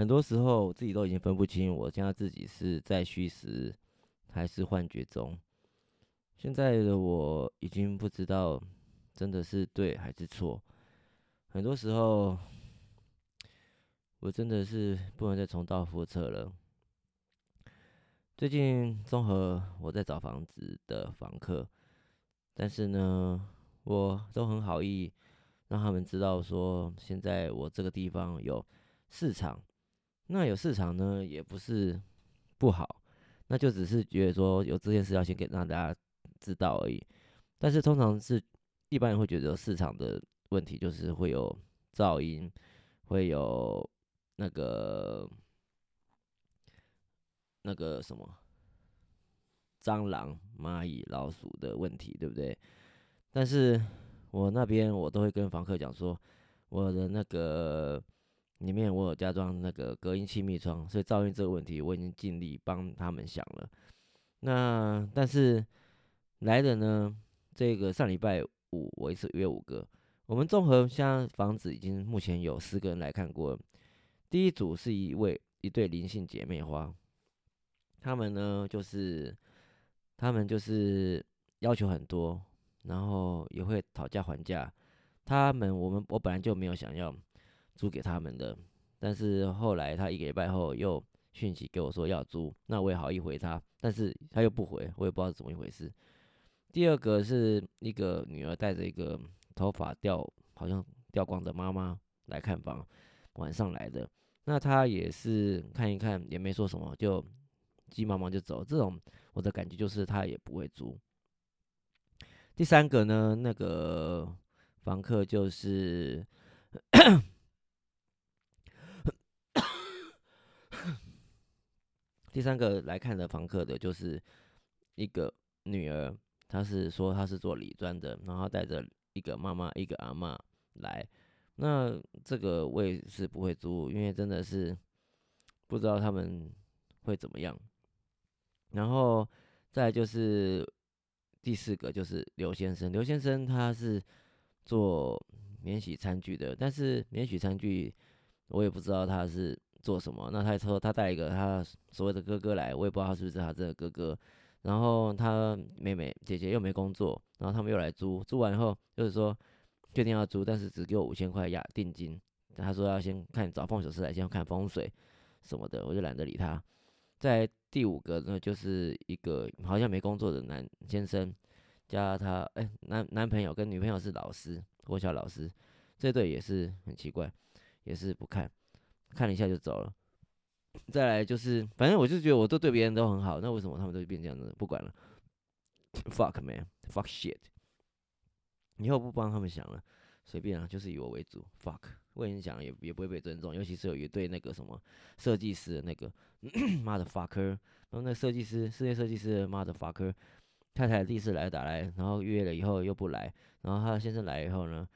很多時候，我自己都已經分不清，我現在自己是在虛實還是幻覺中。現在的我已經不知道真的是對還是錯。很多時候，我真的是不能再重蹈覆轍了。最近，綜合我在找房子的房客，但是呢，我都很好意讓他們知道說，現在我這個地方有市場。那有市場呢，也不是不好，那就只是覺得說有這件事要先給讓大家知道而已。但是通常是一般人會覺得市場的問題就是會有噪音，會有那個那個什麼蟑螂、螞蟻、老鼠的問題，對不對？但是我那邊，我都會跟房客講說，我的那個。裡面我有加裝那個隔音氣密窗，所以噪音這個問題我已經盡力幫他們想了。那但是來的呢，這個上禮拜五我一次約五個，我們綜合像房子已經目前有四個人來看過了。第一組是一位一對林姓姐妹花，他們呢就是他們就是要求很多，然後也會討價還價。他們我們我本來就沒有想要。租給他們的，但是後來他一個禮拜後又訊息給我說要租，那我也好意回他，但是他又不回，我也不知道怎麼一回事。第二個是一個女兒帶着一個頭髮掉好像掉光的媽媽來看房，晚上來的，那他也是看一看也沒說什麼，就急忙忙就走。這種我的感覺就是他也不會租。第三個呢，那個房客就是。 第三個來看的房客的就是一個女兒，她是說她是做理專的，然後帶着一個媽媽一個阿嬤來，那這個位是不會租，因為真的是不知道他們會怎麼樣。然後再來就是第四個就是劉先生，劉先生他是做免洗餐具的，但是免洗餐具我也不知道他是做什麼？那他說他帶一個他所謂的哥哥來，我也不知道他是不是他這個哥哥。然後他妹妹姐姐又沒工作，然後他們又來租，租完以後就是說確定要租，但是只給我五千塊壓定金。他說要先看找風水師來先看風水什麼的，我就懶得理他。在第五個呢，就是一個好像沒工作的男先生加他哎、欸、男男朋友跟女朋友是老師，國小老師，這對也是很奇怪，也是不看。看了一下就走了，再來就是反正我就覺得我都對別人都很好，那為什麼他們都變這樣子？不管了，fuck man，fuck shit，以後不幫他們想了，隨便啊，就是以我為主。fuck，我跟你講也也不會被尊重，尤其是有一對那個什麼設計師的那個，媽的，fucker。 然後那設計師室內設計師，媽的，fucker。太太第一次來打來，然後約了以後又不來，然後他先生來以後呢？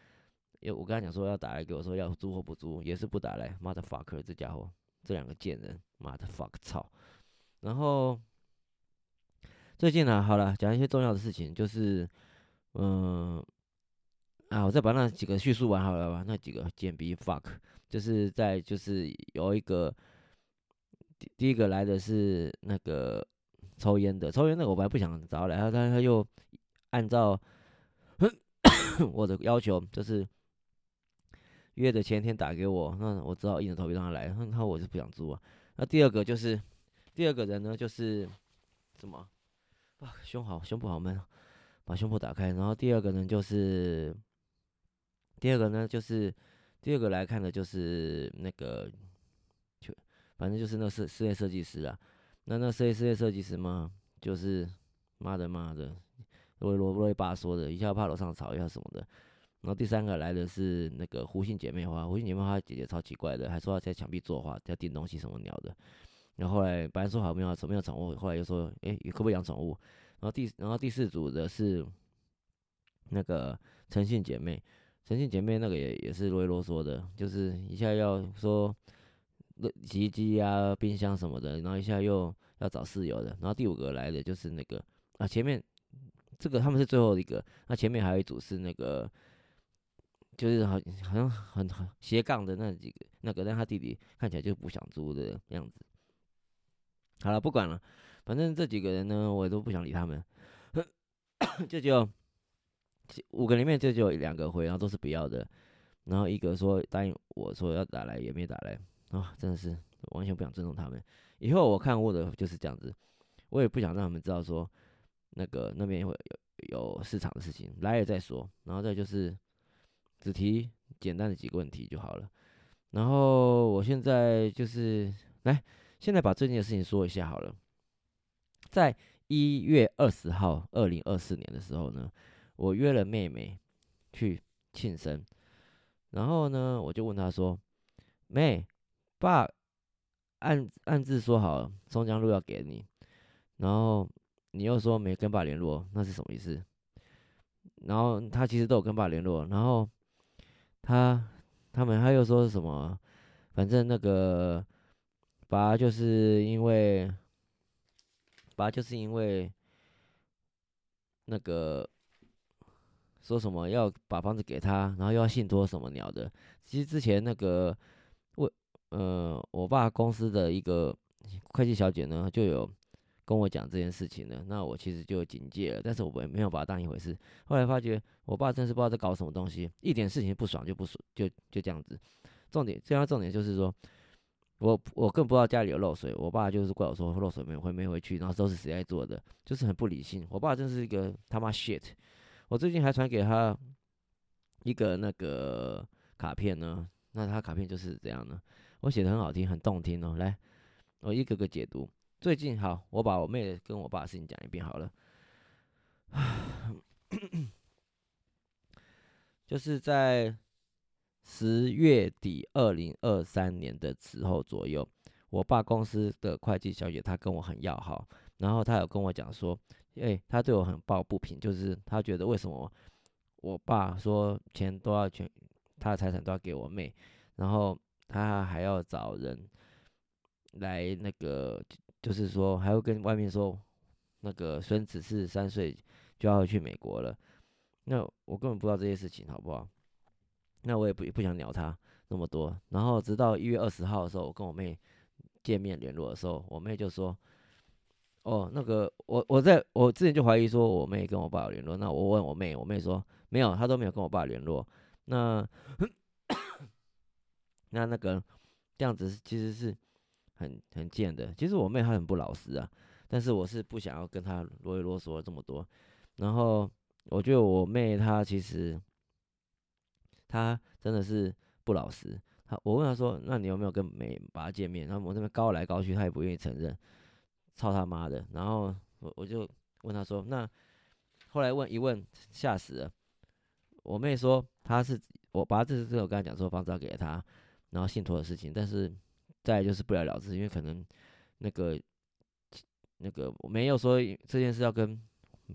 因為我跟他講說要打來，給我說要租或不租，也是不打來。媽的 fuck，這傢伙，這兩個賤人，媽的 fuck，操！然後最近呢、啊，好了，講一些重要的事情，就是，嗯，啊，我再把那幾個敘述完好了吧。那幾個賤逼 fuck，就是在就是有一個第第一個來的是那個抽煙的，抽煙的我本來不想找來，他他又按照 我的要求，就是。約的前一天打給我，那我只好硬着頭皮讓他來。他我就不想租啊。那第二個就是，第二個人呢就是什麼？哇、啊，胸好，胸部好悶、啊，把胸部打開。然後第二個呢就是，第二個呢就是，第二個來看的就是那個，就反正就是那個設室內設計師啊。那那室內室內設計師嘛，就是媽的媽的，羅羅羅瑞巴說的，一下怕樓上吵一下什麼的。然後第三個來的是那個胡姓姐妹花，胡姓姐妹花姐姐超奇怪的，還說要在牆壁作畫，要釘東西什麼鳥的。然後後來本來說好沒有，什麼沒有寵物，後來又說，哎，可不可以養寵物？然後第然後第四組的是那個陳姓姐妹，陳姓姐妹那個也也是囉里囉囉嗦的，就是一下要說那洗衣機啊、冰箱什麼的，然後一下又要找室友的。然後第五個來的就是那個啊，前面這個他們是最後一個，那前面還有一組是那個。就是好，好像很很斜槓的那幾個那個，但他弟弟看起來就是不想租的樣子。好了，不管了，反正這幾個人呢，我都不想理他們。 就就五個裡面，就只有兩個回，然後都是不要的。然後一個說答應我說要打來，也沒打來啊，哦，真的是完全不想尊重他們。以後我看過的就是這樣子，我也不想讓他們知道說那個那邊有有有市場的事情，來了再說。然後再就是。只提簡單的幾個問題就好了。然後我現在就是來，現在把最近的事情說一下好了。在一月二十號，二零二四年的時候呢，我約了妹妹去慶生，然後呢，我就問她說：“妹，爸暗暗自說好了松江路要給你，然後你又說沒跟爸聯絡，那是什麼意思？”然後她其實都有跟爸聯絡，然後。他、他們，他又說什麼？反正那個，反而就是因為，反正就是因為那個說什麼要把房子給他，然後又要信託什麼鳥的。其實之前那個我，呃，我爸公司的一個會計小姐呢，就有。跟我講這件事情呢，那我其實就警戒了，但是我沒沒有把它當一回事。後來發覺，我爸真是不知道在搞什麼東西，一點事情不爽就不爽，就就這樣子。重點，這樣重點就是說，我我更不知道家裡有漏水，我爸就是怪我說漏水沒回沒回去，然後都是誰在做的，就是很不理性。我爸真是一個他媽 shit。我最近還傳給他一個那個卡片呢，那他卡片就是這樣的，我寫得很好聽，很動聽哦、喔。來，我一個個解讀。最近好，我把我妹跟我爸的事情講一遍好了。 就是在十月底二零二三年的時候左右，我爸公司的會計小姐她跟我很要好，然後她有跟我講說，哎、欸，她對我很抱不平，就是她覺得為什麼我爸說錢都要全，他的財產都要給我妹，然後她還要找人來那個。就是說，還會跟外面說，那個孫子是三歲就要去美國了。那我根本不知道這些事情，好不好？那我也不也不想鳥他那麼多。然後直到一月二十號的時候，我跟我妹見面聯絡的時候，我妹就說：“哦，那個，我我在我之前就懷疑說我妹跟我爸有聯絡。”那我問我妹，我妹說：“沒有，她都沒有跟我爸聯絡。那”那 那那個這樣子其實是。很很賤的，其實我妹她很不老實啊，但是我是不想要跟她囉裡囉嗦這麼多。然後我覺得我妹她其實她真的是不老實。她我問她說，那你有沒有跟美爸見面？然後我這邊高來高去，她也不願意承認，操他媽的！然後我我就問她說，那後來問一問，嚇死了。我妹說，她是我把她這次之後跟她講說房子要給了她，然後信託的事情，但是。再就是不了了之，因為可能那個那個我沒有說這件事要跟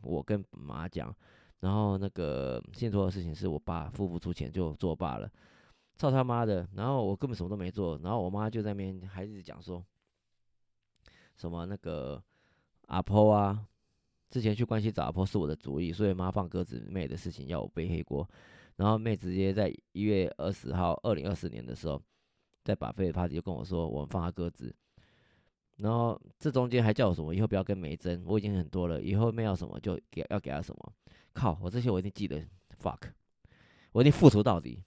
我跟媽講，然後那個現在做的事情是我爸付不出錢就作罷了，操他媽的！然後我根本什麼都沒做，然後我媽就在那邊還一直講說，什麼那個阿婆啊，之前去關西找阿婆是我的主意，所以媽放鴿子妹的事情要我背黑鍋，然後妹直接在一月二十號二零二四年的時候，在 buffet 的 party 就跟我說，我們放他鴿子，然後這中間還叫我什麼？以後不要跟梅珍，我已經很多了，以後沒有什麼就給要給他什麼。靠，我這些我一定記得，fuck，我一定付出到底，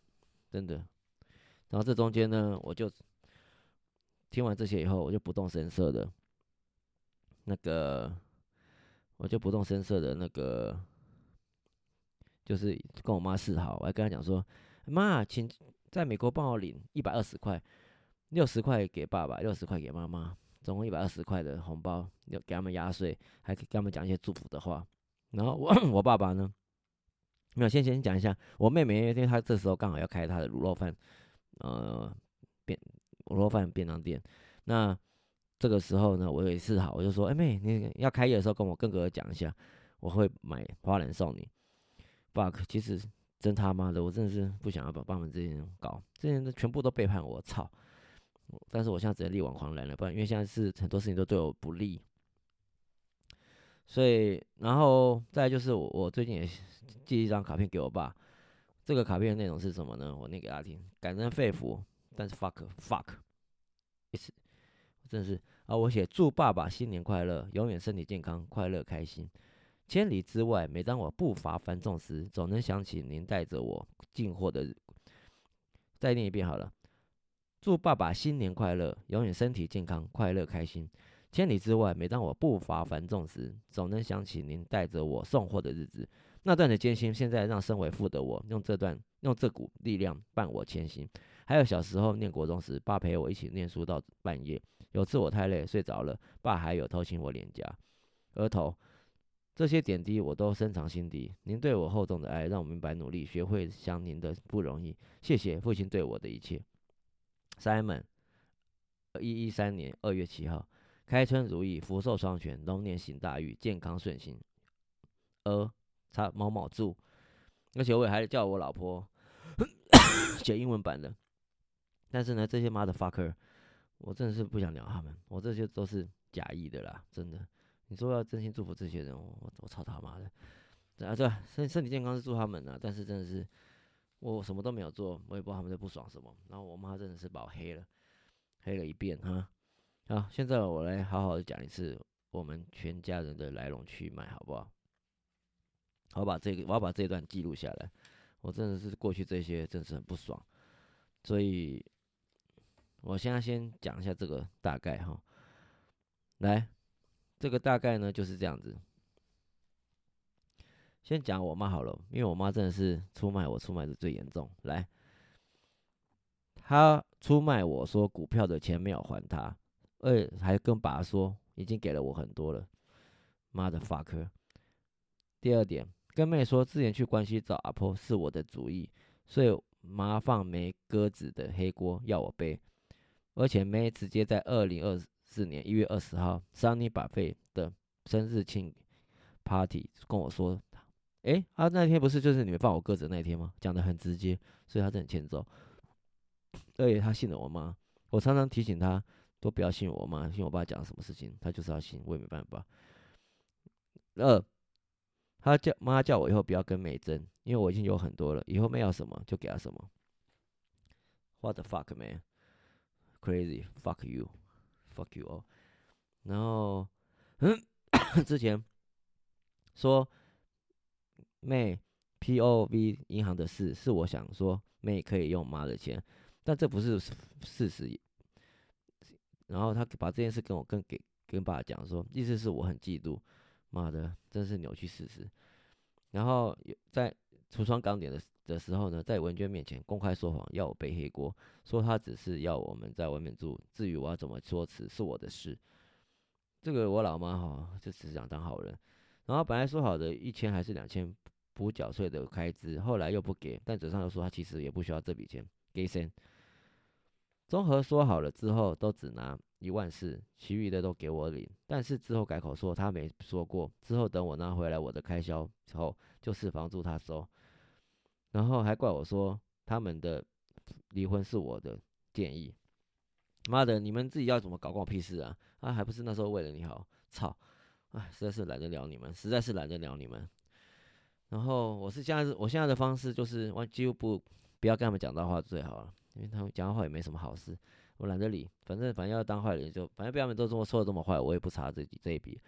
真的。然後這中間呢，我就聽完這些以後，我就不動聲色的，那個我就不動聲色的那個，就是跟我媽示好，我還跟她講說，媽，請。在美國幫我領一百二十塊，六十塊給爸爸，六十塊給媽媽，總共一百二十塊的紅包，給他給他們壓歲，還給他們講一些祝福的話。然後我,我爸爸呢，沒有先先講一下，我妹妹因為她這時候剛好要開她的滷肉飯，呃便滷肉飯便當店，那這個時候呢，我也是好，我就說，哎、欸、妹，你要開業的時候跟我哥哥講一下，我會買花籃送你。fuck 其實。真他媽的，我真的是不想要把爸爸們這些人搞，這些都全部都背叛我,我操！但是我現在只能力挽狂瀾了，不然因為現在是很多事情都對我不利。所以，然後再就是我,我最近也寄一張卡片給我爸，這個卡片的內容是什麼呢？我念給大家聽：感人肺腑，但是 fuck fuck，真是啊！我寫祝爸爸新年快樂，永遠身體健康，快樂開心。千里之外，每當我步伐繁重時，總能想起您帶着我進貨的日。再念一遍好了。祝爸爸新年快樂，永遠身體健康，快樂開心。千里之外，每當我步伐繁重時，總能想起您帶着我送貨的日子。那段的艱辛，現在讓身為父的我用這段用這股力量伴我前行。還有小時候念國中時，爸陪我一起念書到半夜。有次我太累睡着了，爸還有偷親我臉頰、額頭。這些點滴我都深藏心底。您對我厚重的愛，讓我明白努力，學會想您的不容易。謝謝父親對我的一切。Simon，一一三年二月七號，開春如意，福壽雙全，龍年行大運，健康順心。呃，查某某住。而且我也還叫我老婆寫 英文版的。但是呢，這些 motherfucker，我真的是不想聊他們。我這些都是假意的啦，真的。你說要真心祝福這些人，我我操他媽的！啊對啊，身身體健康是祝他們了，啊，但是真的是我什麼都沒有做，我也不知道他們在不爽什麼。然後我媽真的是把我黑了，黑了一遍哈。好，現在我來好好的講一次我們全家人的來龍去脈，好不好，好？我把這個，我要把這一段記錄下來。我真的是過去這些，真的是很不爽。所以，我現在先講一下這個大概哈。來。這個大概呢，就是這樣子。先講我媽好了，因為我媽真的是出賣我出賣的最嚴重。來，她出賣我說股票的錢沒有還她，而且還跟爸說已經給了我很多了。媽的，fuck。第二點，跟妹說之前去關西找阿婆是我的主意，所以媽放沒鴿子的黑鍋要我背，而且妹直接在二零二。四年一月二十號，Sunny 百菲的生日慶 party，跟我說，哎、欸啊，那天不是就是你們放我鴿子的那天嗎？講得很直接，所以他真的很欠揍。對，他信了我媽，我常常提醒他，都不要信我媽，信我爸講什麼事情，他就是要信，我也沒辦法。那、呃、他叫媽叫我以後不要跟美珍，因為我已經有很多了，以後沒有什麼就給他什麼。What the fuck man？Crazy fuck you！fuck you 哦，然後，嗯， 之前說妹 POV 銀行的事是我想說妹可以用媽的錢，但這不是事實。然後他把這件事跟我跟給跟爸講說，意思是我很嫉妒，媽的真是扭曲事實。然後在櫥窗剛點的的時候呢，在文娟面前公開說謊，要我背黑鍋，說他只是要我們在外面住，至於我要怎麼說辭是我的事。這個我老媽哈，就只想當好人。然後本來說好的一千還是兩千補繳稅的開支，後來又不給，但嘴上又說他其實也不需要這筆錢給先。綜合說好了之後，都只拿一萬四，其餘的都給我領。但是之後改口說他沒說過。之後等我拿回來我的開銷之後，就是房租他收。然後還怪我說他們的離婚是我的建議，媽的，你們自己要怎麼搞關我屁事啊！啊，還不是那時候為了你好，操！哎，實在是懶得聊你們，實在是懶得聊你們。然後我是現在我現在的方式就是我幾乎不不要跟他們講大話最好了，因為他們講的話也沒什麼好事，我懶得理。反正反正要當壞人就反正不要們都這麼說的這麼壞，我也不差這這一筆。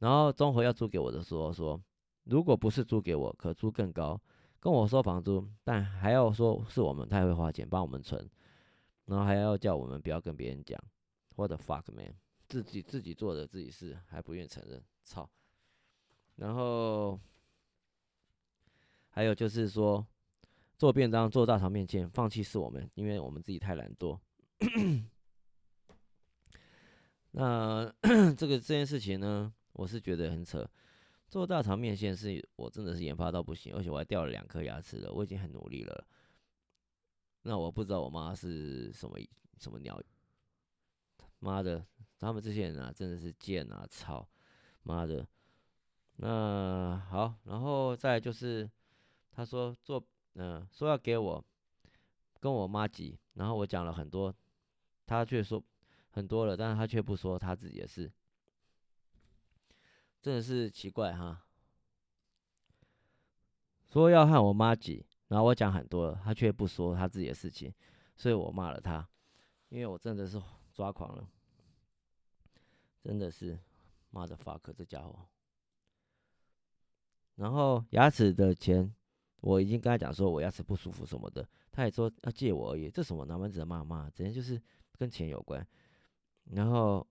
然後中和要租給我的時候說，如果不是租給我，可租更高。跟我收房租，但還要說是我們太會花錢，幫我們存，然後還要叫我們不要跟別人講。What the fuck, man！自己自己做的自己事還不願意承認，操！然後還有就是說做便當做大腸面前放棄是我們，因為我們自己太懶惰。 那 這個這件事情呢，我是覺得很扯。做大腸麵線是我真的是研發到不行，而且我還掉了兩顆牙齒了，我已經很努力了。那我不知道我媽是什麼什麼鳥，媽的，他們這些人啊，真的是賤啊，操，媽的。那好，然後再就是他說做，嗯、呃，說要給我跟我媽急，然後我講了很多，他卻說很多了，但是他卻不說他自己的事。真的是奇怪哈，說要和我媽擠，然後我講很多了，他卻不說他自己的事情，所以我罵了他，因為我真的是抓狂了，真的是，媽的 fuck 這家伙。然後牙齒的錢，我已經跟他講說我牙齒不舒服什麼的，他也說要借我而已，這是什麼哪門子的罵罵？直接就是跟錢有關，然後。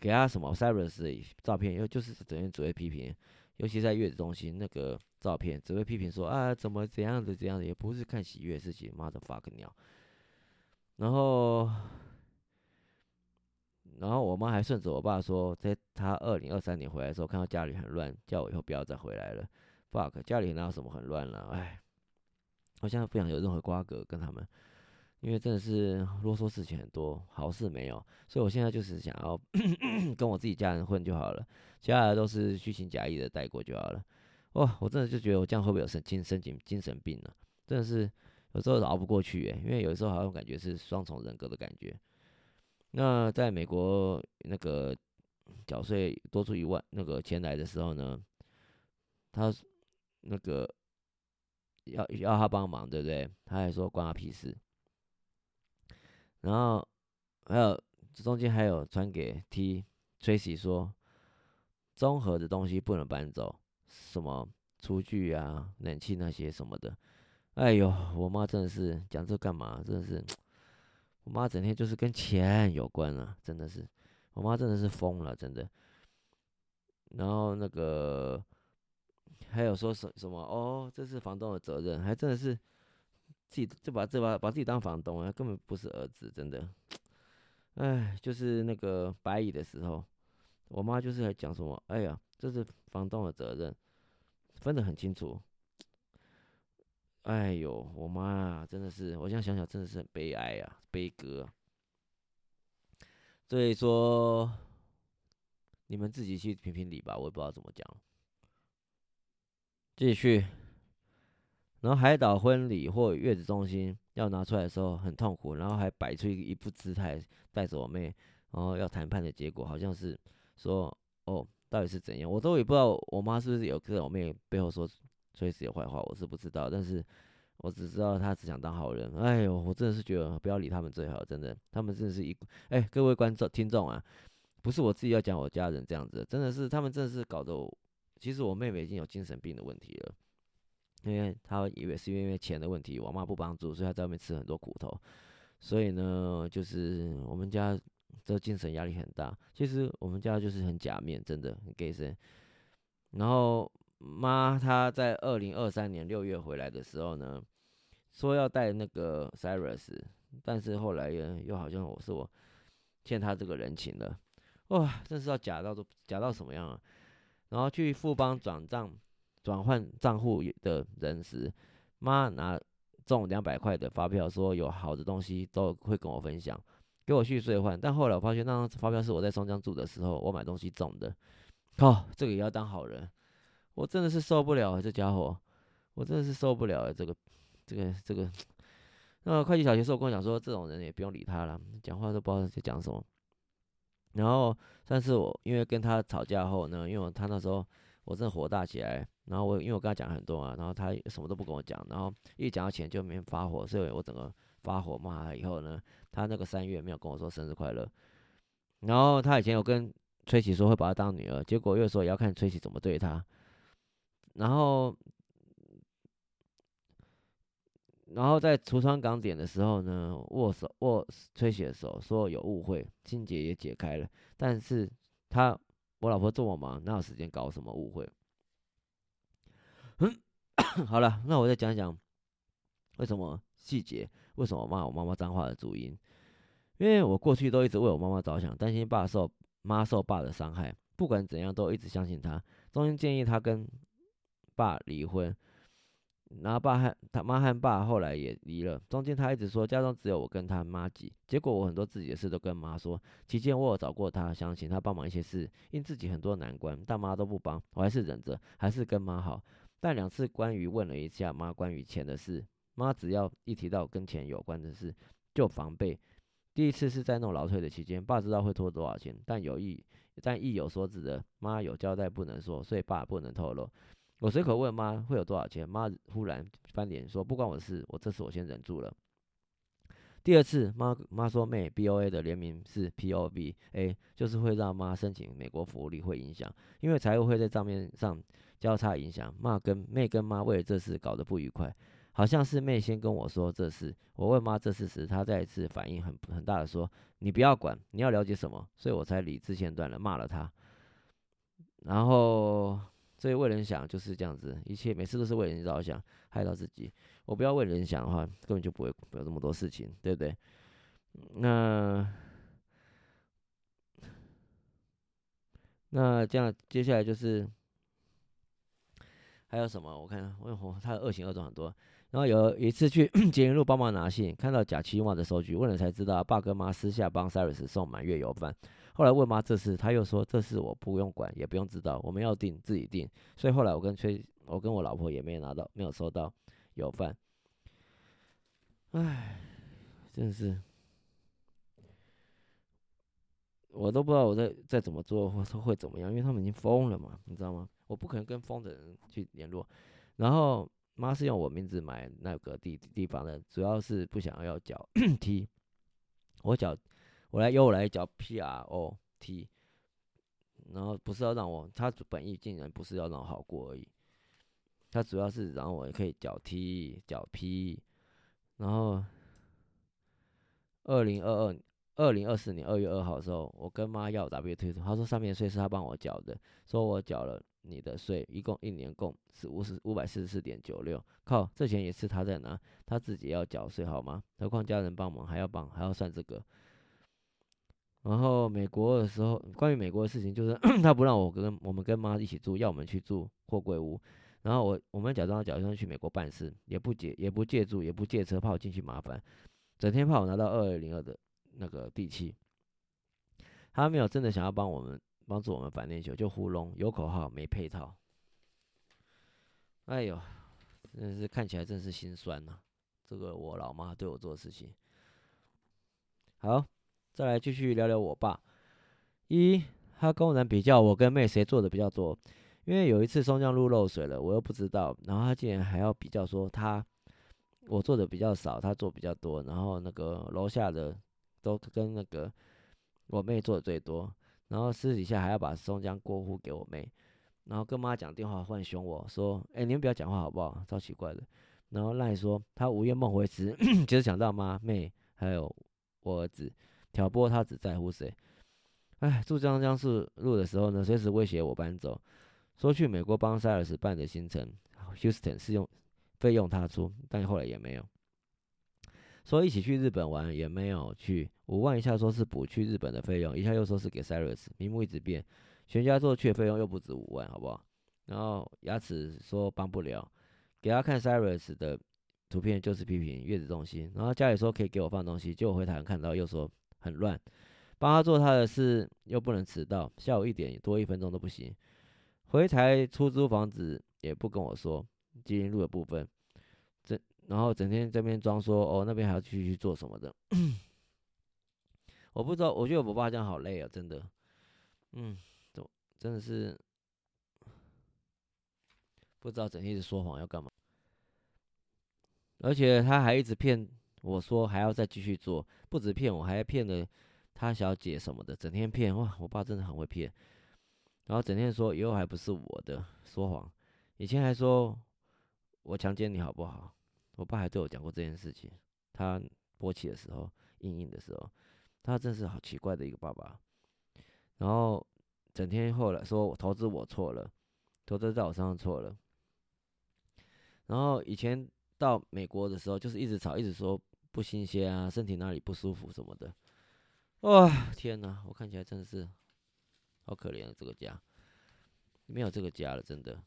給他什麼 service 照片，又就是整天只會批評，尤其在月子中心那個照片，只會批評說啊怎麼怎樣的怎樣的，也不是看喜悅事情，媽的 fuck 你，然後，然後我媽還順着我爸說，在他二零二三年回來的時候，看到家裡很亂，叫我以後不要再回來了，fuck，家裡哪有什麼很亂了、啊，唉，我現在不想有任何瓜葛跟他們。因為真的是囉嗦事情很多，好事沒有，所以我現在就是想要 跟我自己家人混就好了，其他的都是虛情假意的帶過就好了。哇，我真的就覺得我這樣會不會有神經神經精神病了、啊？真的是有時候熬不過去誒、欸，因為有時候好像感覺是雙重人格的感覺。那在美國那個繳稅多出一萬那個錢來的時候呢，他那個要要他幫忙，對不對？他還說關他屁事。然後，還有這中間還有傳給 T 崔西說，綜合的東西不能搬走，什麼廚具啊、冷氣那些什麼的。哎呦，我媽真的是講這幹嘛？真的是，我媽整天就是跟錢有關啊，真的是，我媽真的是瘋了，真的。然後那個還有說什什麼？哦，這是房東的責任，還真的是。自己就把這把把自己當房東啊，根本不是兒子，真的。哎，就是那個白蟻的時候，我媽就是在講什麼，哎呀，這是房東的責任，分得很清楚。哎呦，我媽啊，真的是，我現在想想真的是很悲哀啊，悲歌啊。所以說，你們自己去評評理吧，我也不知道怎麼講。繼續。然後海島婚禮或月子中心要拿出來的時候很痛苦，然後還擺出一副姿態帶着我妹，然後要談判的結果好像是說哦，到底是怎樣，我都也不知道。我媽是不是有跟我妹背後說崔子有壞話？我是不知道，但是我只知道她只想當好人。哎呦，我真的是覺得不要理他們最好，真的，他們真的是一哎各位觀眾聽眾啊，不是我自己要講我家人這樣子，真的是他們真的是搞得我，其實我妹妹已經有精神病的問題了。因為他以為是因為錢的問題，我媽不幫助，所以他在外面吃很多苦頭。所以呢，就是我們家的精神壓力很大。其實我們家就是很假面，真的很 gay。然後媽她在二零二三年六月回來的時候呢，說要帶那個 Cyrus，但是後來又又好像我說我欠他這個人情了。哇，真是要假到都假到什麼樣啊！然後去富邦轉賬。轉換賬戶的人時，媽拿中兩百塊的發票說有好的東西都會跟我分享，給我去兌換。但後來我發現那張發票是我在松江住的時候我買東西中的。靠、哦，這個也要當好人，我真的是受不了這家伙，我真的是受不了這個，這個，這個。那會計小姐說我跟我講說這種人也不用理他了，講話都不知道在講什麼。然後，但是我因為跟他吵架後呢，因為他那時候我真的火大起來。然後我因為我跟他講很多嘛、啊，然後他什麼都不跟我講，然後一講到錢就沒有發火，所以我整個發火罵他以後呢，他那個三月沒有跟我說生日快樂。然後他以前有跟崔琦說會把他當女兒，結果又說也要看崔琦怎麼對他。然後，然後在櫥窗港點的時候呢，握手握崔琦的手，說有誤會，心結也解開了。但是他，我老婆這麼忙，哪有時間搞什麼誤會？ 好了，那我再講講為什麼細節，為什麼罵我媽媽髒話的主因？因為我過去都一直為我媽媽着想，擔心爸受媽受爸的傷害，不管怎樣都一直相信她，中間建議她跟爸離婚，然後爸和他媽和爸後來也離了。中間他一直說家中只有我跟他媽擠，結果我很多自己的事都跟媽說。期間我有找過她，想請她幫忙一些事，因自己很多難關，但媽都不幫，我還是忍着，還是跟媽好。但兩次關於問了一下媽關於錢的事，媽只要一提到跟錢有關的事就防備。第一次是在弄勞退的期間，爸知道會拖多少錢，但有意，但意有所指的媽有交代不能說，所以爸不能透露。我隨口問媽會有多少錢，媽忽然翻臉說不關我的事，我這次我先忍住了。第二次媽媽說妹 BOA 的聯名是 POBA，就是會讓媽申請美國福利會影響，因為財務會在賬面上。交叉影響，媽跟妹跟媽為了這事搞得不愉快，好像是妹先跟我說這事。我問媽這事時，她再一次反應很很大的說：“你不要管，你要了解什麼？”所以我才理智線斷了，罵了她。然後，所以為人想就是這樣子，一切每次都是為人着想，害到自己。我不要為人想的話，根本就不會有這麼多事情，對不對？那那這樣，接下來就是。還有什麼？我看問紅、哦，他的惡行惡狀很多。然後有一次去 捷運路幫忙拿信，看到假期望的收據，問了才知道爸跟媽私下幫 Siris 送滿月油飯。後來問媽這事，她又說這事我不用管，也不用知道，我們要定，自己定。所以後來我跟崔，我跟我老婆也沒拿到，沒有收到油飯。唉，真是，我都不知道我在在怎麼做，或會怎麼樣，因為他們已經瘋了嘛，你知道嗎？我不可能跟瘋的人去聯絡，然後媽是用我名字買那個地地方的，主要是不想要繳踢， t, 我繳，我來又來繳 P R O T，然後不是要讓我他本意竟然不是要讓我好過而已，他主要是讓我可以繳踢繳 P，然後二零二二二零二四年二月二號的時候，我跟媽要 W t 她說上面的稅是她幫我繳的，說我繳了。你的稅一共一年共是五十五百四十四點九六，靠，這錢也是他在拿，他自己要繳稅好嗎？何況家人幫忙還要幫，還要算這個。然後美國的時候，關於美國的事情，就是咳咳他不讓我跟我們跟媽一起住，要我們去住貨櫃屋。然後我我們假裝要假裝去美國辦事，也不借也不借住也不借車，怕我進去麻煩，整天怕我拿到二二零二的那個地契。他沒有真的想要幫我們。幫助我們反內疚，就糊弄有口號沒配套。哎呦，真是看起來真是心酸吶、啊！這個我老媽對我做的事情。好，再來繼續聊聊我爸。一，他公然比較我跟妹誰做的比較多，因為有一次松江路漏水了，我又不知道，然後他竟然還要比較說他我做的比較少，他做比較多，然後那個樓下的都跟那個我妹做的最多。然後私底下還要把松江過戶給我妹，然後跟媽講電話，換熊兇我說：“哎、欸，你們不要講話好不好？超奇怪的。”然後賴說他午夜夢回時，就是 想到媽、妹還有我兒子，挑撥他只在乎誰。哎，住江江市路的時候呢，隨時威脅我搬走，說去美國幫塞爾斯辦的行程 Houston 是用費用他出，但後來也沒有。說一起去日本玩也沒有去，五萬一下說是補去日本的費用，一下又說是給 Cyrus，名目一直變，全家做去的費用又不止五萬，好不好？然後牙齒說幫不了，給他看 Cyrus 的圖片就是批評，月子中心。然後家裡說可以給我放東西，結果回台看到又說很亂，幫他做他的事又不能遲到，下午一點多一分鐘都不行。回台出租房子也不跟我說，今天錄的部分，這。然後整天這邊裝說哦，那邊還要繼續做什麼的？ 我不知道，我覺得我爸這樣好累啊，真的，嗯，就真的是不知道整天一直說謊要幹嘛？而且他還一直騙我說還要再繼續做，不止騙我，還騙了他小姐什麼的，整天騙哇！我爸真的很會騙，然後整天說以後還不是我的，說謊，以前還說我強姦你好不好？我爸還對我講過這件事情，他勃起的時候、硬硬的時候，他真是好奇怪的一個爸爸。然後整天後來說我投資我錯了，投資在我身上錯了。然後以前到美國的時候，就是一直吵，一直說不新鮮啊，身體哪裡不舒服什麼的。哇，天哪！我看起來真的是好可憐啊，這個家沒有這個家了，真的。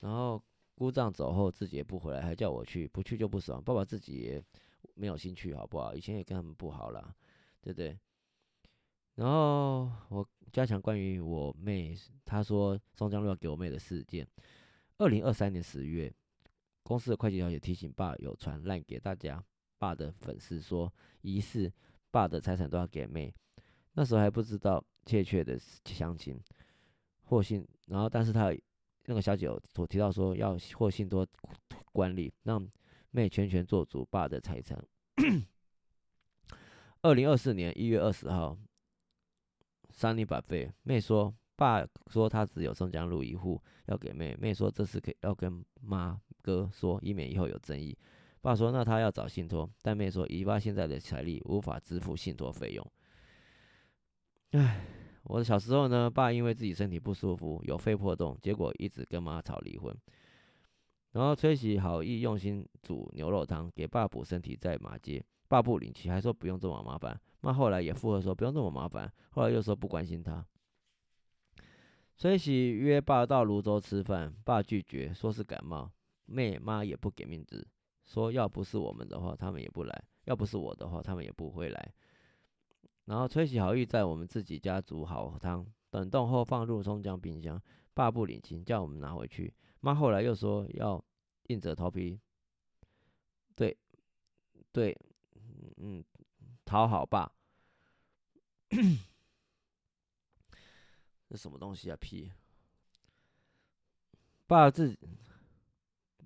然後。姑丈走後，自己也不回來，還叫我去，不去就不爽。爸爸自己也沒有興趣，好不好？以前也跟他們不好了，對不對？然後我加強關於我妹，他說松江路要給我妹的事件。二零二三年十月，公司的會計小姐提醒爸有傳 LINE 給大家，爸的粉絲說疑似爸的財產都要給妹，那時候還不知道切確切的詳情或信，然後但是他。那個小姐有所提到說要獲，要獲信托管理，讓妹全權做主爸的財產。二零二四年一月二十號，三裡百費，妹說爸說他只有松江路一戶要給妹，妹說這是要跟媽哥說，以免以後有爭議。爸說那他要找信托，但妹說以爸現在的財力無法支付信托費用。唉。我的小時候呢，爸因為自己身體不舒服，有肺破洞，結果一直跟媽吵離婚。然後崔喜好意用心煮牛肉湯給爸補身體，在馬街，爸不領情，還說不用這麼麻煩。媽後來也附和說不用這麼麻煩，後來又說不關心他。崔喜約爸到蘆洲吃飯，爸拒絕，說是感冒。妹媽也不給面子，說要不是我們的話，他們也不來；要不是我的話，他們也不會來。然後，崔起好玉在我們自己家煮好湯，冷凍後放入蔥薑冰箱。爸不領情，叫我們拿回去。媽後來又說要硬着頭皮，對，對，嗯，討好爸。那 什麼東西啊？屁啊！爸自，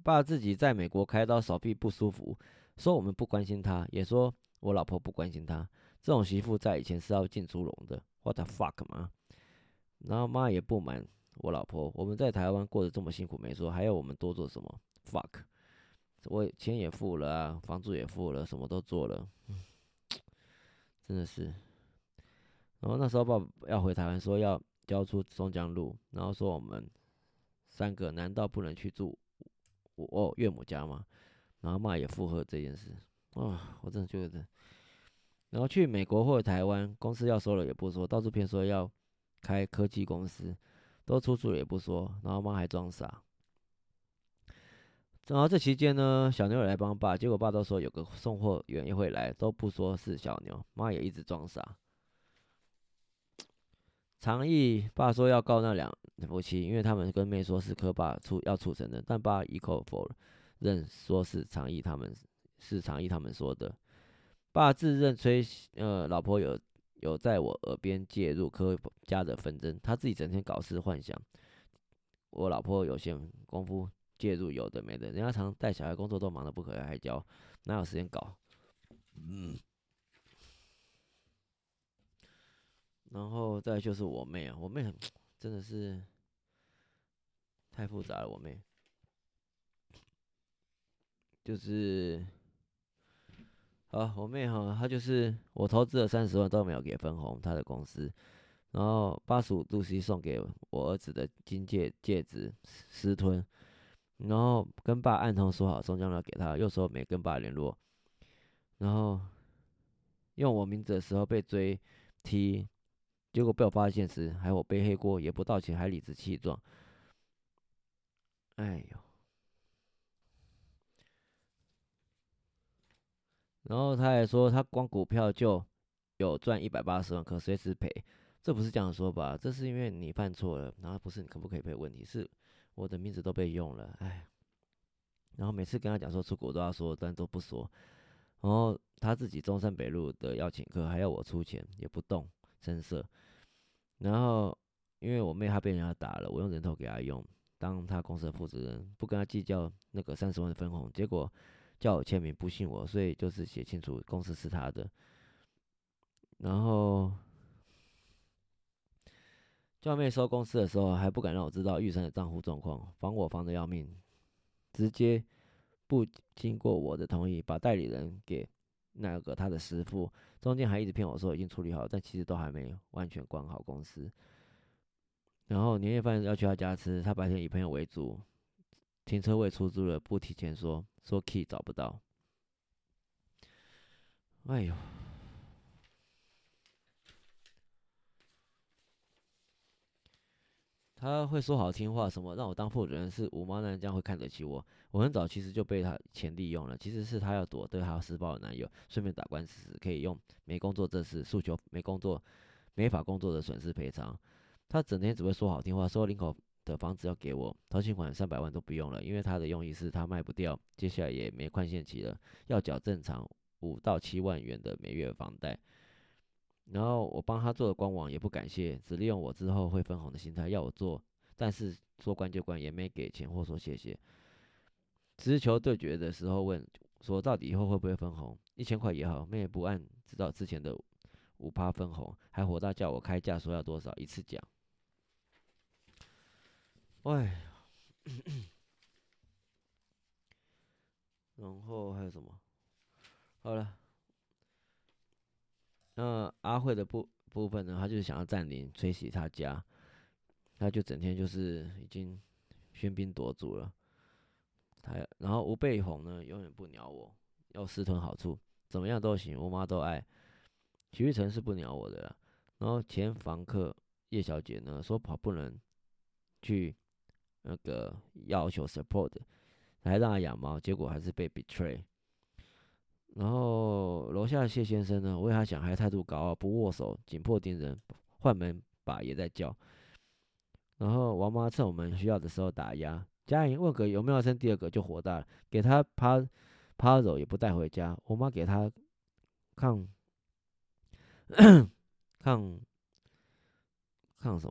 爸自己在美國開刀，手臂不舒服，說我們不關心他，也說我老婆不關心他。這種媳婦在以前是要浸豬籠的，what the fuck 嗎？然後媽也不滿我老婆，我們在台灣過得這麼辛苦，沒說還要我們多做什麼？fuck，我錢也付了啊，房租也付了，什麼都做了， 真的是。然後那時候爸爸要回台灣，說要交出松江路，然後說我們三個難道不能去住我、哦、岳母家嗎？然後媽也附和這件事，啊、哦，我真的覺得。然後去美國或者台灣，公司要收了也不說，到處騙說要開科技公司，都出處也不說，然後媽還裝傻。然後這期間呢，小牛也來幫爸，結果爸都說有個送貨員也會來，都不說是小牛，媽也一直裝傻。長意爸說要告那兩夫妻，因為他們跟妹說是科爸出要促成的，但爸一口否認，說是長意他們，是長意他們說的。爸自認吹，呃，老婆有有在我耳邊介入柯家的紛爭，他自己整天搞事幻想。我老婆有閒功夫介入有的沒的，人家常帶小孩，工作都忙得不可開交，哪有時間搞？嗯。然後再就是我妹啊，我妹很真的是太複雜了，我妹就是。好，我妹哈，她就是我投資了三十萬都沒有給分紅，她的公司，然後八十五度 C 送給我兒子的金戒戒指私吞，然後跟爸暗通說好，送將來給他，又說沒跟爸聯絡，然後用我名字的時候被追踢，結果被我發現時還我背黑鍋，也不道歉，還理直氣壯，哎呦。然後他還說，他光股票就有賺一百八十萬，可隨時賠，這不是這樣說吧？這是因為你犯錯了，然後不是你可不可以賠，問題是我的名字都被用了，哎。然後每次跟他講說出國都要說，但都不說。然後他自己中山北路的邀請客，還要我出錢，也不動聲色。然後因為我妹她被人家打了，我用人頭給她用，當她公司的負責人，不跟她計較那個三十萬分紅，結果。叫我簽名不信我，所以就是寫清楚公司是他的。然後叫妹收公司的時候還不敢讓我知道玉山的賬戶狀況，防我防得要命，直接不經過我的同意把代理人給那個他的師傅，中間還一直騙我說我已經處理好，但其實都還沒完全管好公司。然後年夜飯要去他家吃，他白天以朋友為主。停車位出租了，不提前說，說 key 找不到。哎呦，他會說好聽話，什麼讓我當副主任是五毛男，人將會看得起我。我很早其實就被他錢利用了，其實是他要躲，對他施暴的男友，順便打官司可以用沒工作這事訴求沒工作、沒法工作的損失賠償。他整天只會說好聽話，說領口。的房子要給我，套現款三百萬都不用了，因為他的用意是他賣不掉，接下來也沒寬限期了，要繳正常五到七萬元的每月房貸。然後我幫他做的官網也不感謝，只利用我之後會分紅的心態要我做，但是說關就關也沒給錢或說謝謝。直球對決的時候問說到底以後會不會分紅，一千塊也好，也不按知道之前的五趴分紅，還火大叫我開價說要多少一次講。哎呀，然後還有什麼？好了，那阿慧的部部分呢？他就是想要佔領、吹洗他家，他就整天就是已經喧賓奪主了。他然後吳貝紅呢，永遠不鳥我，要私吞好處，怎麼樣都行，我媽都愛。徐玉成是不鳥我的啦。然後前房客葉小姐呢，說跑不能去。那個要求 support 還讓他養貓，結果還是被 betray。然後樓下謝先生呢，我為他小孩態度高傲、啊，不握手，緊迫盯人，換門把也在叫。然後王媽趁我們需要的時候打壓。家人問個有沒有生第二個，就火大了，給他趴趴走也不帶回家。我媽給他看看看什麼？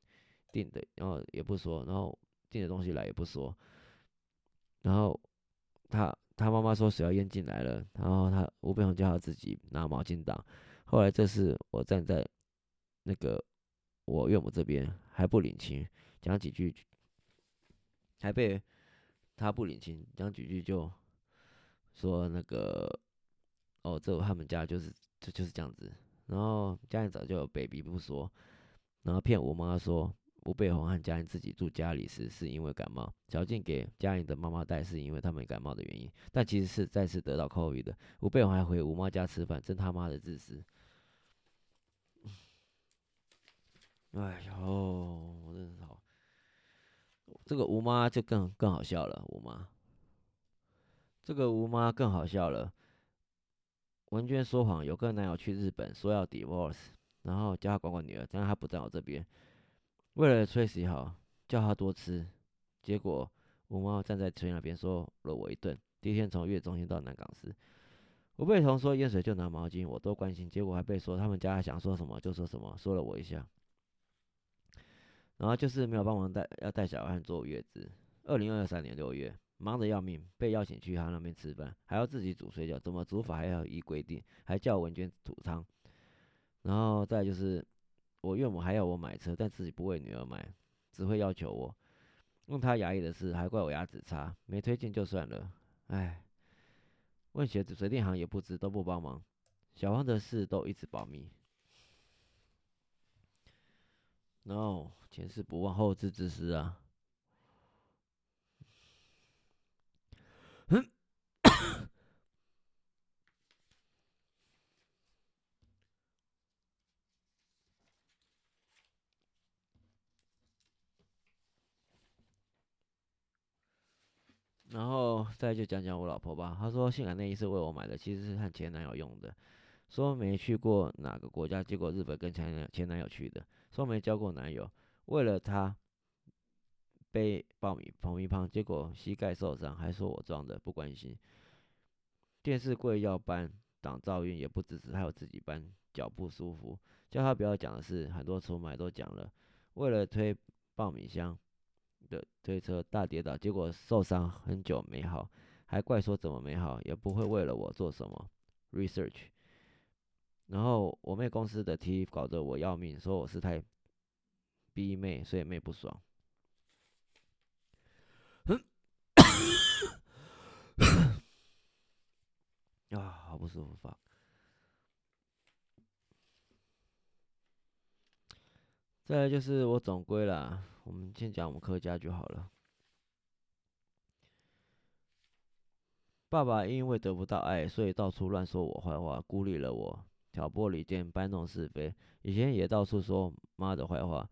訂的，然後也不說，然後訂的東西來也不說，然後他他媽媽說水要淹進來了，然後他吳貝宏叫他自己拿毛巾擋。後來這次我站在那個我岳母這邊還不領情，講幾句還被他不領情，講幾句就說那個哦，這他們家就是就就是這樣子。然後家裡早就有 baby 不說，然後騙我媽說。吳貝宏和家人自己住家裡時，是因為感冒；小靜給家人的媽媽帶，是因為他們感冒的原因，但其實是再次得到 Covid。吳貝宏還回吳媽家吃飯，真他媽的自私！哎呦、哦，我真是好。這個吳媽就更更好笑了。吳媽，這個吳媽更好笑了。文娟說謊，有個男友去日本，說要 divorce，然後叫他管管女兒，但她不在我這邊。為了 Trace 喜好，叫他多吃，結果我媽站在 Trace 那邊說了我一頓。第一天從月中心到南港市，我被同說淹水就拿毛巾，我多關心，結果還被說他們家想說什麼就說什麼，說了我一下。然後就是沒有幫忙帶，要帶小孩坐月子。二零二三年六月，忙得要命，被邀請去他那邊吃飯，還要自己煮水餃，怎麼煮法還要依規定，還叫文娟煮湯。然後再就是。我岳母還要我買車，但自己不為女兒買，只會要求我。問她牙醫的事，還怪我牙齒差，沒推薦就算了。哎，問鞋子，水電行也不知，都不幫忙。小黃的事都一直保密。No，前事不忘後事之師啊。然後再就講講我老婆吧，她說性感內衣是為我買的，其實是和前男友用的。說沒去過哪個國家，結果日本跟前前男友去的。說沒交過男友，為了她背爆米爆米棒，結果膝蓋受傷，還說我裝的，不關心。電視櫃要搬，擋噪音也不支持，還有自己搬，腳不舒服。叫他不要講的是，很多出賣都講了，為了推爆米箱。的推車大跌倒，結果受傷很久沒好，還怪說怎麼沒好，也不會為了我做什麼 research。然後我妹公司的 T 搞得我要命，說我是太逼妹，所以妹不爽。 啊，好不舒服啊！再來就是我總歸啦。我們先講我們柯家就好了。爸爸因為得不到愛，所以到處亂說我壞話，孤立了我，挑撥離間，搬弄是非。以前也到處說媽的壞話，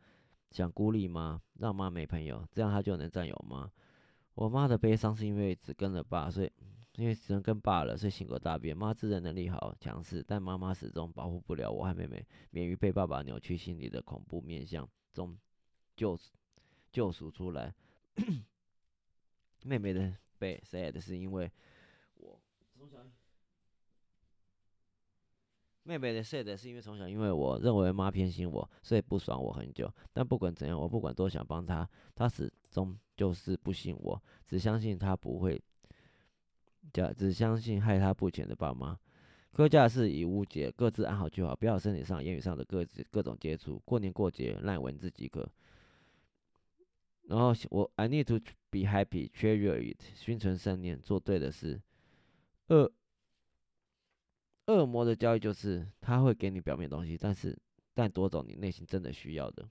想孤立媽，讓媽沒朋友，這樣他就能佔有媽。我媽的悲傷是因為只跟了爸，所以因為只能跟爸了，所以性格大變。媽自認能力好，強勢，但媽媽始終保護不了我和妹妹，免於被爸爸扭曲心理的恐怖面相中就。救贖出來。咳咳妹妹的被 sad 是因為我，我妹妹的 sad 是因為從小因為我認為媽偏心我，所以不爽我很久。但不管怎樣，我不管多想幫她，她始終就是不信我，只相信她不會，只相信害她不淺的爸媽。各家是已誤解，各自安好就好，不要身體上、言語上的各自各種接觸。過年過節，爛文字即可。然後我，I need to be happy, cherish it。心存善念，做對的事。惡、呃，惡魔的教育就是他會給你表面東西，但是但奪走你內心真的需要的。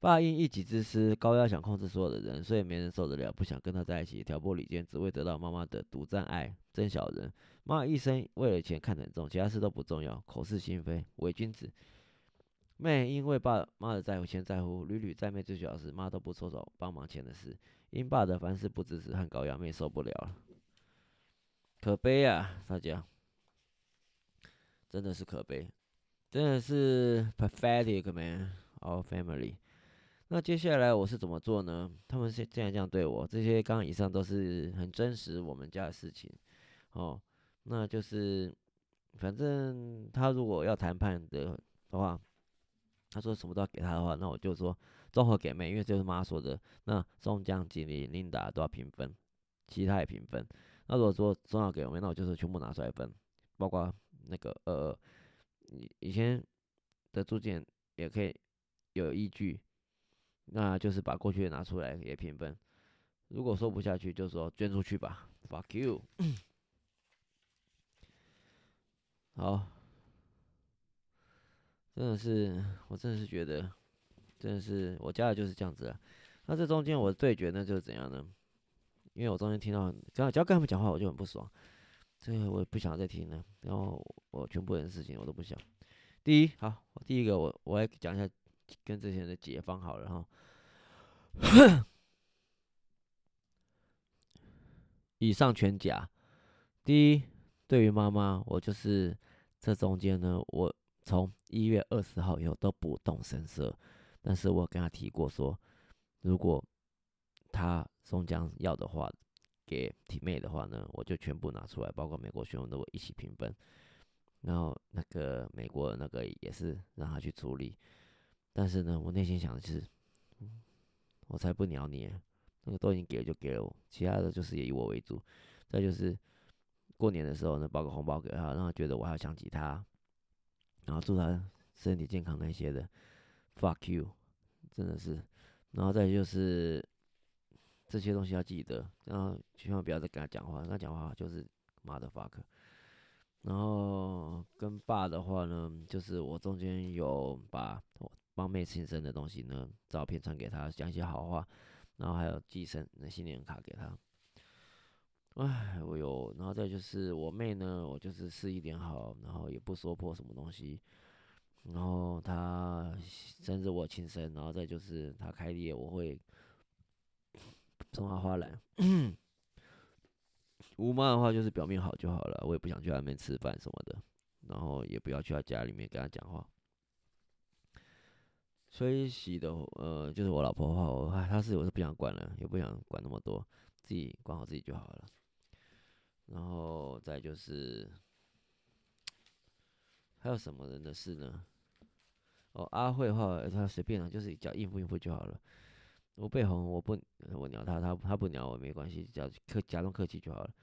爸因一己之私，高壓想控制所有的人，所以沒人受得了，不想跟他在一起，挑撥離間，只為得到媽媽的獨占愛，真小人。媽一生為了錢看得很重，其他事都不重要，口是心非，偽君子。妹因為爸媽的在乎，錢在乎，屢屢在妹最需要時，媽都不出手幫忙，錢的事。因爸的凡事不支持，很高壓，妹受不了了。可悲啊，大家，真的是可悲，真的是 pathetic man of family。那接下來我是怎麼做呢？他們是這樣這樣對我，這些剛剛以上都是很真實我們家的事情哦。那就是，反正他如果要談判的的話。他說什麼都要給他的話，那我就說綜合給妹，因為這就是媽說的。那宋江、經理、琳達都要平分，其他也平分。那如果說綜合給我們，那我就是全部拿出來分，包括那個呃以以前的租金也可以有依據，那就是把過去的拿出來也平分。如果說不下去，就說捐出去吧。Fuck you。好。真的是，我真的是覺得，真的是我家裡就是這樣子啊。那這中間我的對決呢，就是怎樣呢？因為我中間聽到只要只要跟他們講話，我就很不爽，這個我不想再聽了。然後我，我全部人的事情我都不想。第一，好，第一個我我來講一下跟這些人的解方好了哈。 以上全假。第一，對於媽媽，我就是這中間呢我。從一月二十號以後都不動聲色，但是我跟他提過說，如果他松江要的話，給體妹的話呢，我就全部拿出來，包括美國選手的我一起平分，然後那個美國的那個也是讓他去處理。但是呢，我內心想的是，我才不鳥你，那個都已經給了就給了我，其他的就是也以我為主。再就是過年的時候呢，包個紅包給他，讓他覺得我還要想起他。然後祝他身體健康那些的，fuck you，真的是，然後再就是這些東西要記得，然後千萬不要再跟他講話，跟他講話就是 motherfuck。然後跟爸的話呢，就是我中間有把我幫妹慶生的東西呢，照片傳給他，講一些好話，然後還有寄生的新年卡給他。哎，我有，然後再就是我妹呢，我就是示一點好，然後也不說破什麼東西，然後她甚至我親生，然後再就是她開業，我會送她花籃。吳 媽的話就是表面好就好了，我也不想去外面吃飯什麼的，然後也不要去她家裡面跟她講話。崔喜的呃，就是我老婆的話，我，哎，她是我是不想管了，也不想管那麼多，自己管好自己就好了。然後再就是還有什麼人的事呢？哦，阿慧的話、欸，他隨便了，啊，就是只要應付應付就好了。我被紅，我不我鳥他，他她不鳥我沒關係，叫客假裝客氣就好了。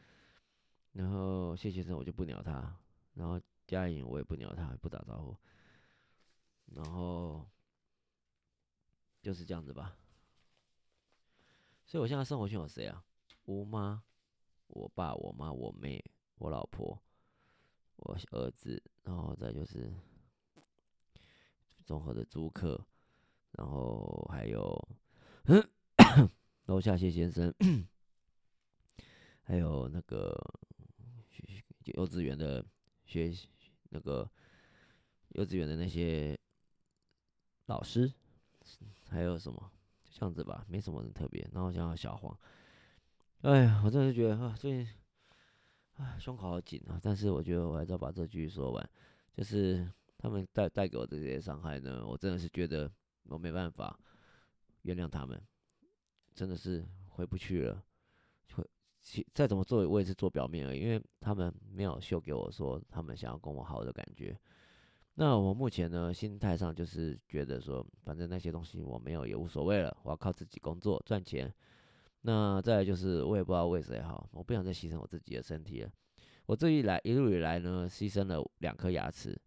然後謝先生我就不鳥他，然後佳穎我也不鳥他，不打招呼。然後就是這樣子吧。所以我現在生活圈有誰啊？吳媽。我爸、我媽、我妹、我老婆、我兒子，然後再就是綜合的租客，然後還有樓 下謝先生， 還有那個學幼稚園的學那個幼稚園的那些老師，還有什麼這樣子吧，沒什麼特別。然後像小黃。哎呀，我真的是覺得啊，最近，啊胸口好緊啊！但是我覺得我還是要把這句說完，就是他們帶帶給我的這些傷害呢，我真的是覺得我沒辦法原諒他們，真的是回不去了。回，再怎麼做，我也是做表面而已，因為他們沒有秀給我說他們想要跟我好的感覺。那我目前呢，心態上就是覺得說，反正那些東西我沒有也無所謂了，我要靠自己工作賺錢。那再來就是，我也不知道為誰好，我不想再犧牲我自己的身體了。我這一來一路以來呢，犧牲了兩顆牙齒、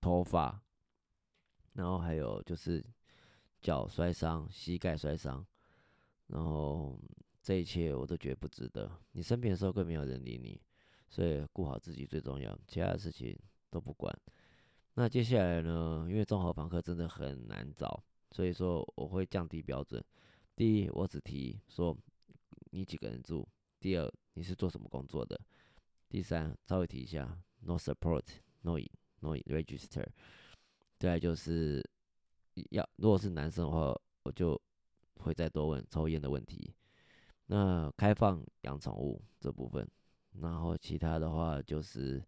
頭髮，然後還有就是腳摔傷、膝蓋摔傷，然後這一切我都覺得不值得。你生病的時候更沒有人理你，所以顧好自己最重要，其他的事情都不管。那接下來呢，因為綜合房客真的很難找，所以說我會降低標準。第一，我只提說你幾個人住。第二，你是做什麼工作的？第三，稍微提一下，no support，no eat, no eat, register。再來就是要，如果是男生的話，我就會再多問抽煙的問題。那開放養寵物這部分，然後其他的話就是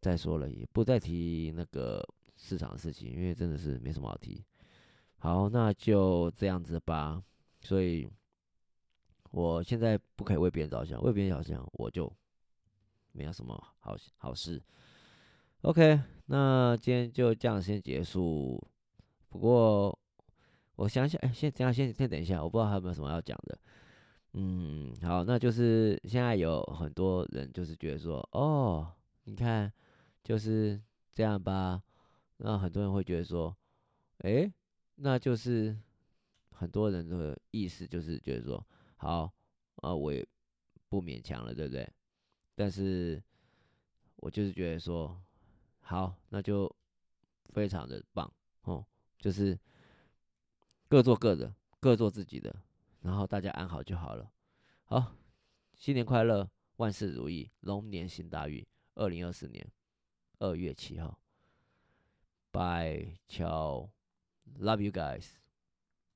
再說了，也不再提那個市場的事情，因為真的是沒什麼好提。好，那就這樣子吧。所以，我現在不可以為別人着想，為別人着想我就沒有什麼好好事。OK，那今天就這樣先結束。不過我想想，哎、欸，先等下，先先等一下，我不知道還有沒有什麼要講的。嗯，好，那就是現在有很多人就是覺得說，哦，你看就是這樣吧。那很多人會覺得說，哎、欸，那就是。很多人的意思就是覺得說，好啊、呃，我也不勉強了，對不對？但是我就是覺得說，好，那就非常的棒哦，就是各做各的，各做自己的，然後大家安好就好了。好，新年快樂，萬事如意，龍年行大運。二零二四年二月七號，拜，Chow，love you guys。